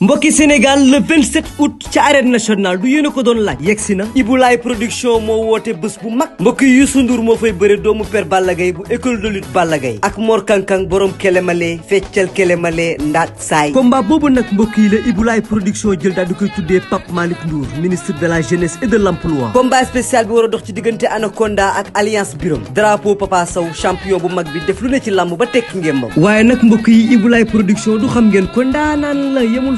mbokki Sénégal le 27 août ca arène nationale du yéen ko doon laaj yegg si na Ibulaay production moo woote bés bu mag mbokki Youssou Ndour moo fay bëre doomu père Balla Gaye bu école de lutte Balla Gaye ak Mor Kankang borom kelemale feccal kelemale ndaat saay combat boobu nag mbokk yi la Ibulaay production jël daal di koy tuddee Pape Malick Ndour ministre de la jeunesse et de l'emploi combat spécial bi war a dox ci diggante Anaconda ak alliance Birom drapeau Papa bu mag bi def lu ci làmb ba tekki ngémbam waaye nag mbokk yi Ibulaay production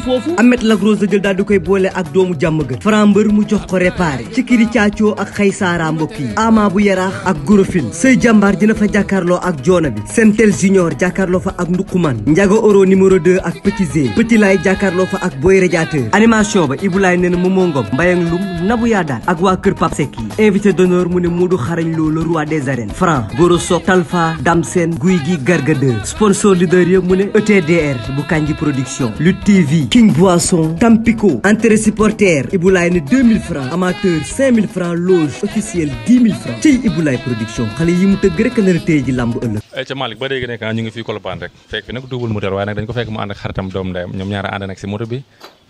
foofu Amet Lac Rose la koy boole ak doomu jàmm gën Franc mbër mu jox ko réparé ci kiri caacoo ak xay saara mbokk yi ama bu yaraax ak gorofil sëy jàmbaar na fa jàkkaarloo ak joona bi sentel junior jàkkaarloo fa ak ndukuman njaga oro numéro 2 ak petit zé petit laay jàkkaarloo fa ak boy radiateur animation ba ibulaay nee na momo ngom mbayang lum nabu yaa daan ak waa kër pap sek invité d'honneur mu ne mu du xarañ Lo le roi des arènes Franc Goro Sok Talfa Dam Sen guy gi gargadeur sponsor leader yëpp mu ne ETDR bu King Boisson Tampico entrée supporter Ibulaay ne 2000 francs amateur loge officielle 10 ci Ibulaay production xale yi mu tëgg rek nar a téye ji làmb ëllëg ay eh, ca Malick ba léegi nekk ah, ñu ngi fii Colobane rek fekk fi nag double moteur waaye nag dañ ko fekk mu ànd xaritam doom ndeyam ñoom ñaara ànd nag si moto bi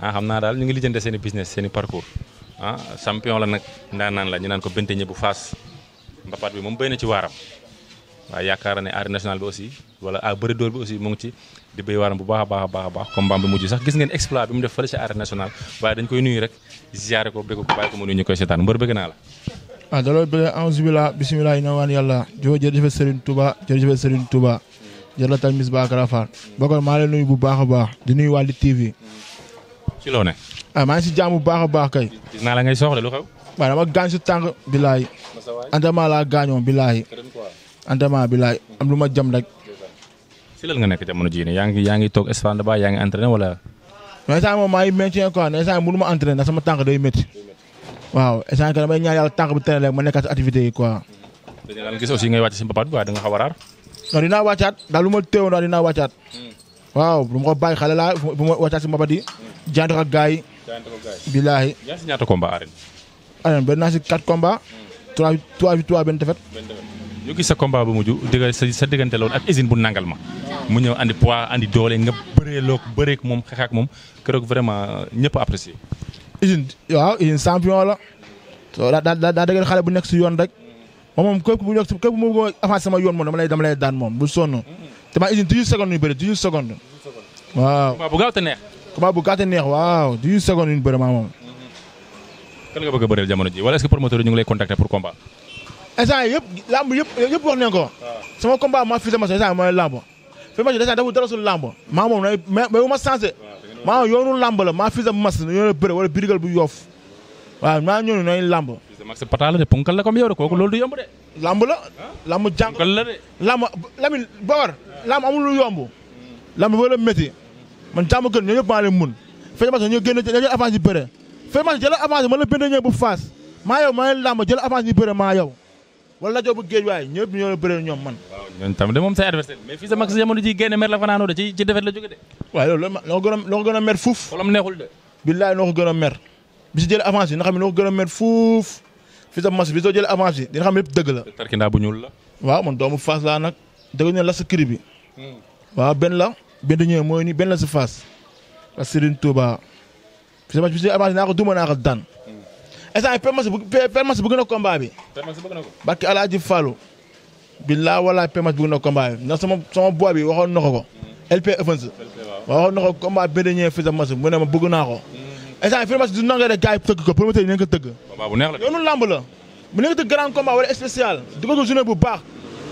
ah xam naa daal ñu ngi lijjante seen i business seen i parcours ah la nag ndaa naan la ñu naan ko bente ñe bu faas mbapat bi moom béy na ci waaram waaye yaakaar ne arène nationale bi aussi wala a bëri dóor bi aussi mu ngi ci di béy waaram bu baax a baax a baax a baax bi mujj sax gis ngeen exploit bi mu def fële ci arène nationale waaye dañ koy nuyu rek ziare ko bëgg ko bàyyi la ah da loolu bëgg aouzu billah bisimilah yi na waan yàlla jo jërëjëfe Serigne Touba jërëjëfe Serigne Touba jërëjëf nuyu bu baax a baax di nuyu wàllu TV ci loo ne ah maa ngi si jàmm bu baax a baax kay gis naa la ngay soxla lu xew waaw dama gaañ si tànk bilaay antama laa gaañoon bilaay entraînement bi laay am lu ma jam rek. si lan nga nekk jamono jii nii yaa ngi yaa ngi toog instant ba yaa ngi entraîné wala. mais instant moom maa ngi maintien quoi mais ma entraîné sama tànk day métti. waaw instant que damay ñaan yàlla tànk ma nekkaat si activité yi quoi. dañu daan gis aussi ngay wàcc si bi waaye da nga a raar. non dinaa wàccaat daal lu ma teewoon daal dinaa wàccaat. waaw ma ko bàyyi xale laa bu ma wàccaat si mbapat yi. jaante ko ak gars yi. ko ak gars ba bilaahi. yaa si ñaata combat arène. arène naa si quatre combat. Hmm. trois trois victoire benn défaite. ñu gis sa combat bu mujj digga sa diggante loolu ak usine bu nangal ma mu ñëw andi poids andi doole nga bëree loog bëreek moom xeexaak moom keroog vraiment euh, ñëpp apprécié. usine waaw usine champion la daa daa daa dëggal xale bu nekk si yoon rek moom moom képp bu nekk képp mu avancé sama yoon moom dama lay dama lay daan moom bu sonn mm-hmm. te maa usine 18 secondes yu bëri 18 secondes. waaw combat bu gaaw neex. combat bu gaaw te neex waaw 18 maa moom. Mm-hmm. kan nga bëgg a bëreel jamono ji wala est-ce que instant yëpp lamb yëpp yëpp wax nañ ko. Ah. sama combat ma fi lamb. fi ma ci instant dafa dara suñu lamb. maa moom nay mais mais bu ma sensé. Ah, maa lamb la maa fi sa mas yoonu bëre wala birigal bu yoof waaw maa ñooñu nooy lamb. fii sa pata la de ponkal la comme yow de kooku loolu du yomb de. lamb la. Ah. lamb jàng la de. lamb Lamine Bawar. lamb amul lu yomb. lamb wala métti. man jàmm gën ñooñu ñëpp maa leen mun. fii ma ñu génn dañuy avance ñu bëre. ma la benn ñëw bu faas maa yow maa leen lamb jël wala rajo bu géej waaye ñëpp ñoo bëree ñoom man. waaw ñoom tamit de moom say adversaire mais fii sa mag si jamono ji génne mer la fanaanoo de ci defet la jóge de. waaye loolu loo gën a loo ko gën a mer bi bi xam ne noo ko gën a soo jëlee avance dina xam ne dëgg la. tarkindaa bu ñuul la. waaw man doomu Fass laa nag dëgg ñu la sa kiri bi. Hmm. waaw benn la benn ñëw mooy nii benn la si Fass. ak Serigne Touba fii a mas bi si avance naa ko duma naa ko daan hmm. instant yii permas bu permas bëgg na combat bi. permas bëgg na ko. barki Alaaji Fallou. billaa walaay permas bëgg na combat bi ndax sama sama boy bi waxoon na ko ko. Mm. LP Evans. waxoon na ko combat bi dañuy fii sa mas mu ne ma bëgg naa ko. instant mm. yii permas du nangoo tëgg ko promoteur yi nañ tëgg. la yoonu lamb la. bu neex tëgg grand combat wala spécial. di ko journée bu baax.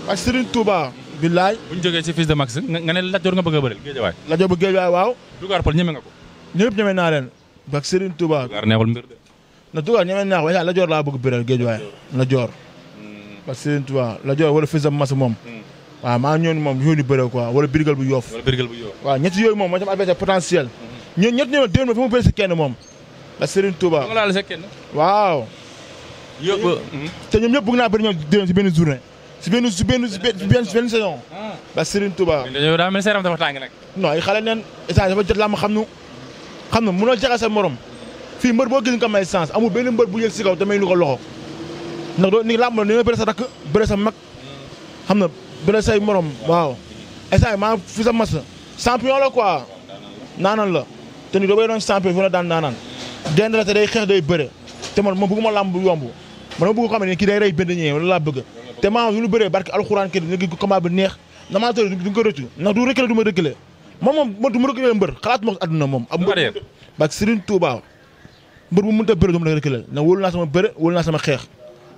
ak Serigne Touba. billaay bu ñu jógee ci de Max nga Lat Dior nga bëgg a bëri waay. waaw. Dugar Paul ñeme na tugal ñeme naax waaye la joor laa bëgg biral géej waaye la joor hmm. parce que tuba la joor wala fisa mas moom hmm. waaw maa ñoon moom yooyu bëre quoi wala birgal bu yoof waaw ñetti yooyu moom moo tam adversaire potentiel hmm. ñoo ñett ñoo déwén ma fi mu bëri si kenn moom la Serigne Touba waaw te ñoom ñëpp bëgg naa bëri ñoom déwén si benn journée si benn si benn si benn saison la ah. Serigne Touba non ay xale neen état dafa jot làmb xam nu xam nu mënoo jaxase morom fii mbër boo gis nga may chance amul benn mbër bu yëg si kaw te may lu ko loxo ndax doo ni làmb la ni may bëre sa rakk bëre sa na bëre say morom waaw instant maa fi sa mas champion la quoi naanaan la te ni doo bay doon champion fi na daan naanaan dend te day xeex day bëre te man ma bëgguma làmb yomb man ma bëgg xam ne kii day rey bënd ñee wala laa bëgg te maa lu bëre barke alxuraan kër dina ko combat bi na ma rëkkale moom mbër bu mënta bëre du ma la reculer ndax wóolu naa sama bëre wóolu naa sama xeex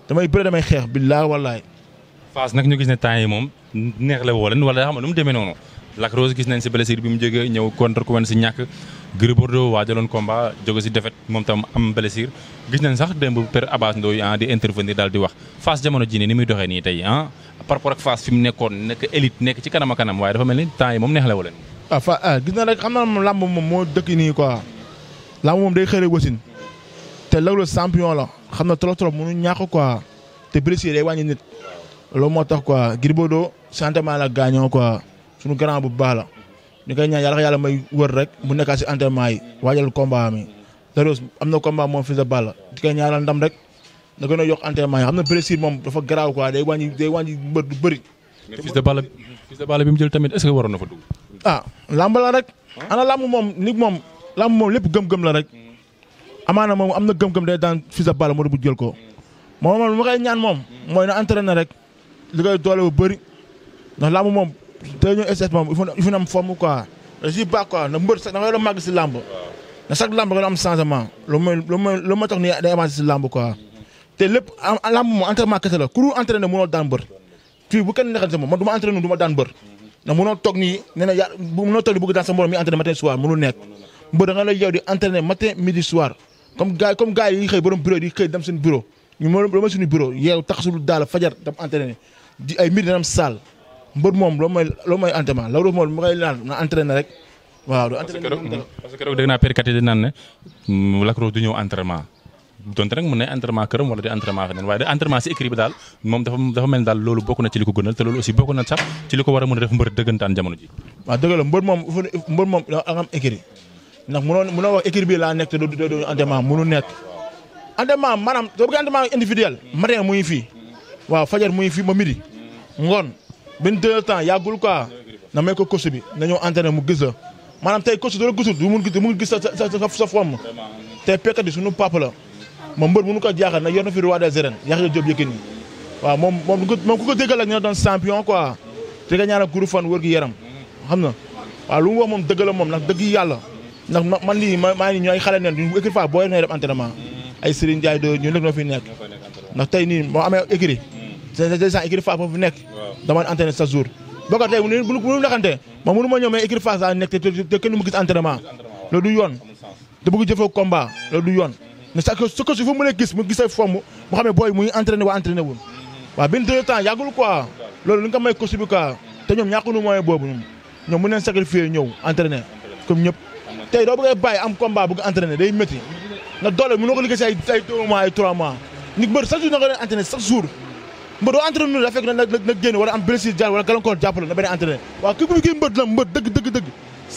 damay bëre damay xeex billaay wallaay. Fass nag ñu gis ne temps yi moom neex la woo leen wala xam mu demee noonu Lac Rose gis nañ si blessure bi mu jógee ñëw contre ku wen si ñàkk Gris Bordeaux waajaloon combat jóge si défaite moom tam am blessure gis nañ sax démb per Abbas Ndoye ah daal di wax Fass jamono jii ni muy doxee nii tey ah par rapport ak Fass fi mu nekkoon nekk kanam a kanam dafa mel ni temps yi moom neex la woo leen. ah Fass ah, gis na rek xam naa moom moom moo dëkk nii quoi làmb moom day xëy wasin te Lagros champion la xam na trop trop mënu ñàkk quoi te blessure day wàññi nit loolu moo tax quoi Gris Bordeaux sentiment la gaañoo quoi suñu grand bu baax la ñu koy ñaan yàlla yàlla may wër rek mu nekkaat si entraînement yi waajal combat mi Lagros am na combat moom fils de Balla di koy ndam rek na gën a yokk entraînement yi xam na blessure moom dafa garaaw quoi day wàññi day wàññi mbër du bëri. mais fils de Balla fils de Balla bi mu jël tamit est waroon na fa dugg. ah lamb la rek. ana lamb moom nit moom lamb moom lépp gëm-gëm la rek. amaana moom am na gëm-gëm day daan Fils de Balla moo bu jël ko moom moom lu ma koy ñaan moom mooy na entraîné rek li koy doole bu bëri ndax làmb moom day ñëw SS moom il faut na am forme quoi da si baax quoi na mbër sax da nga doon màgg si làmb na chaque làmb nga doon am changement lu mooy lu mooy lu ma tax ni day la ku dul entraîné mënoo daan mbër fii bu kenn neexal sa moom man du ma entraîné du ma daan mbër ndax mënoo toog nii nee na yaa mënoo toog di bëgg daan sa morom mi entraîné matin soir mënul nekk mbër da nga lay yow di entraîné matin midi soir comme gars comme gars yi xëy borom bureau di xëy dem seen bureau ñu mo loolu mooy suñu bureau yeew taxasul daal fajar dem entraîné di ay mbir dana am saal mbër moom loolu mooy loolu mooy entraînement loolu moom mu koy naan na ne mun mm, na entraînement këram wala di entraînement feneen waaye de entraînement si écrit bi daal moom dafa mel ni daal loolu bokk na ci li ko gënal te loolu aussi bokk na sax ci li ko war a mën a def mbër dëggantaan jamono ji. waaw dëgg mbër moom mbër moom da am écrit ndax mënoo mënoo wax équipe bi laa nekk te doo doo entraînement mënu nekk entraînement maanaam soo bëggee entraînement individuel matin muy fii waaw fajar muy fii ba midi ngoon benn deux temps yàggul na may ko coach bi na ñëw entraîné mu gis la maanaam tey coach doo gisul du mun gis mu gis sa sa sa forme tey pekkat yi suñu papa la ma mbër mënu ko jaaxal nag yor na fi roi des arènes Yaxya Diop Yékini waaw moom moom moom ku ko déggal ak ñu doon champion quoi te fan wër gi yaram ndax man lii ma maa ngi ñu ay xale neen ñu écrit fa boo ngay dem entraînement mm. ay Serigne Ndiaye do ñun rek noo fi nekk ndax tey nii moo amee écrit dèjà écrit fa moo fi nekk dama entraîné chaque jour boo ko tey bu ñu naxante ma mënu ma ñëw mais écrit face laa nekk te kenn mu gis entraînement loolu du yoon te bëgg jëfoo combat loolu du yoon ne sa su su fu mu lay gis mu gis ay fomm mu xam booy muy entraîné waa entraîné wul mm-hmm. waaw benn deux temps yàggul quoi loolu li nga ko may kosu bi quoi te ñoom ñàkkunu moyen boobu ñoom mën neen sacrifier ñëpp tey doo bëggee bàyyi am combat bu ko entraîné day métti nga doole mënoo ko liggéey si ay ay deux ay trois mois nit mbër chaque na nga leen entraîné chaque doo entraîné nu la na na génn wala am blessure jaar wala gàllankoor na beneen entraîné waaw ki bu kii mbër dëgg dëgg dëgg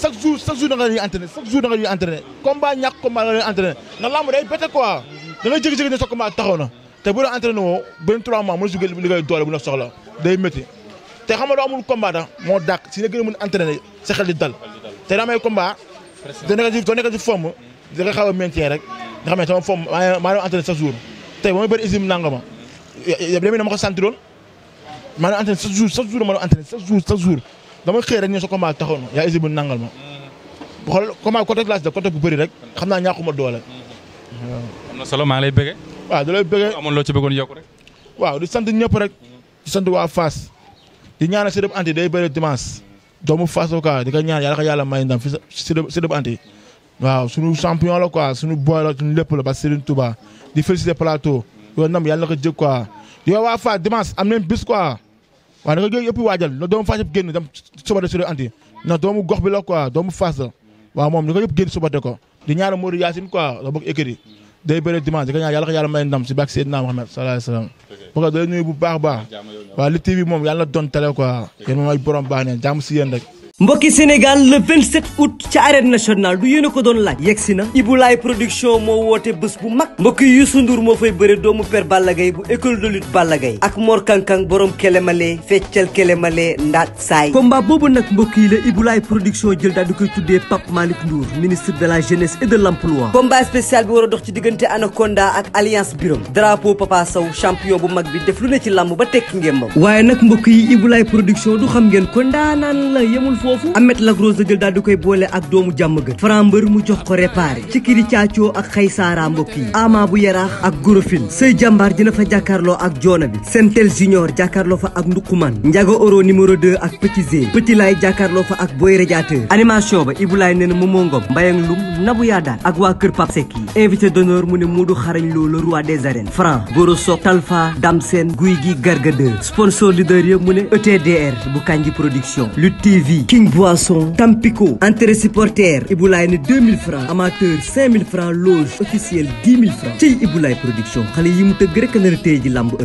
chaque jour chaque jour da nga leen entraîné chaque jour da nga leen entraîné combat lamb day pété quoi da ngay jékki-jékki ne sa na te bu doo entraîné woo beneen trois a sugee te nekk si te nekk si fomm da nga xaw a maintien rek nga xam ne sama fomm maa maa doon entraîné chaque jour tey ba ma bëri usine nangama demee na ma ko santiroon maa doon entraîné chaque jour chaque jour ma doon entraîné chaque jour chaque jour dama xëy rek ñu sa combat taxaw na yaa usine bu nangal ma mm-hmm. xool combat côté classe de côté bu bëri rek xam naa ñàkkuma doole mm-hmm. am na solo maa ngi lay bëggee waaw da lay bëggee amoon loo ci bëggoon yokk rek waaw di sant ñëpp rek di sant waa Fass di ñaanal si dëpp anti day bëri dimanche doomu Fass la di ko ñaan yàlla ko yàlla may ndam fi sa Sidy Anti waaw suñu champion la quoi suñu boy la suñu lépp la ba Serigne Touba di féliciter plateau yow ndam yàlla na ko jëg quoi yow waa Fass dimanche am nañ bis quoi waaw na nga yëpp waajal na doomu Fass yëpp génn dem sobate Sidy Anti na doomu gox bi la quoi doomu Fass la waaw moom ni ko yëpp génn sobate ko di ñaanal Modou Yacine quoi la bokk écrit day bëre dimanche di ko ñaan yàlla ko yàlla may ndam si bàkk Seydina Muhammad sallallahu alayhi bu baax baax waaw li moom yàlla doon télé quoi yéen moom ay borom baax neen jàmm si yéen rek mbokki Sénégal le 27 août ca arène nationale du yéen ko doon laaj yegsi na Ibulaay production moo woote bés bu mag mbokki Youssou Ndour moo fay bëre doomu père Balla bu école de lutte Balla ak Mor Kankang borom kelemale feccal kelemale ndaat saay combat boobu nag mbokk yi la Ibulaay production jël daal di koy tuddee Pape Malick Ndour ministre de la jeunesse et de l'emploi combat spécial bi war a dox ci diggante Anaconda ak alliance Birom drapeau foofu Amet Lagros la jël daal di koy boole ak doomu jàmm gën Franc mbër mu jox ko réparé ci kiri caacoo ak xay saara mbokk yi bu yaraax ak gorofil sëy jàmbaar dina fa jàkkaarloo ak joona bi sentel junior jàkkaarloo fa ak ndukuman njaga oro numéro 2 ak petit zé petit laay jàkkaarloo fa ak boy radiateur animation ba ibulaay nee na momoo ngom mbayang lum nabu yaa daan ak waa kër Pape Seck yi invité mu ne Modou xarañ Lo le roi des arènes Franc Goro Sok Talfa Damsen guy gi gargadeur sponsor leader yëpp mu ne ETDR bu Kanji production Lutte TV King Boisson Tampico entrée supporter Iboulaye ne francs amateur francs loge officielle 10 000 francs ci production xale yi mu tëgg rek na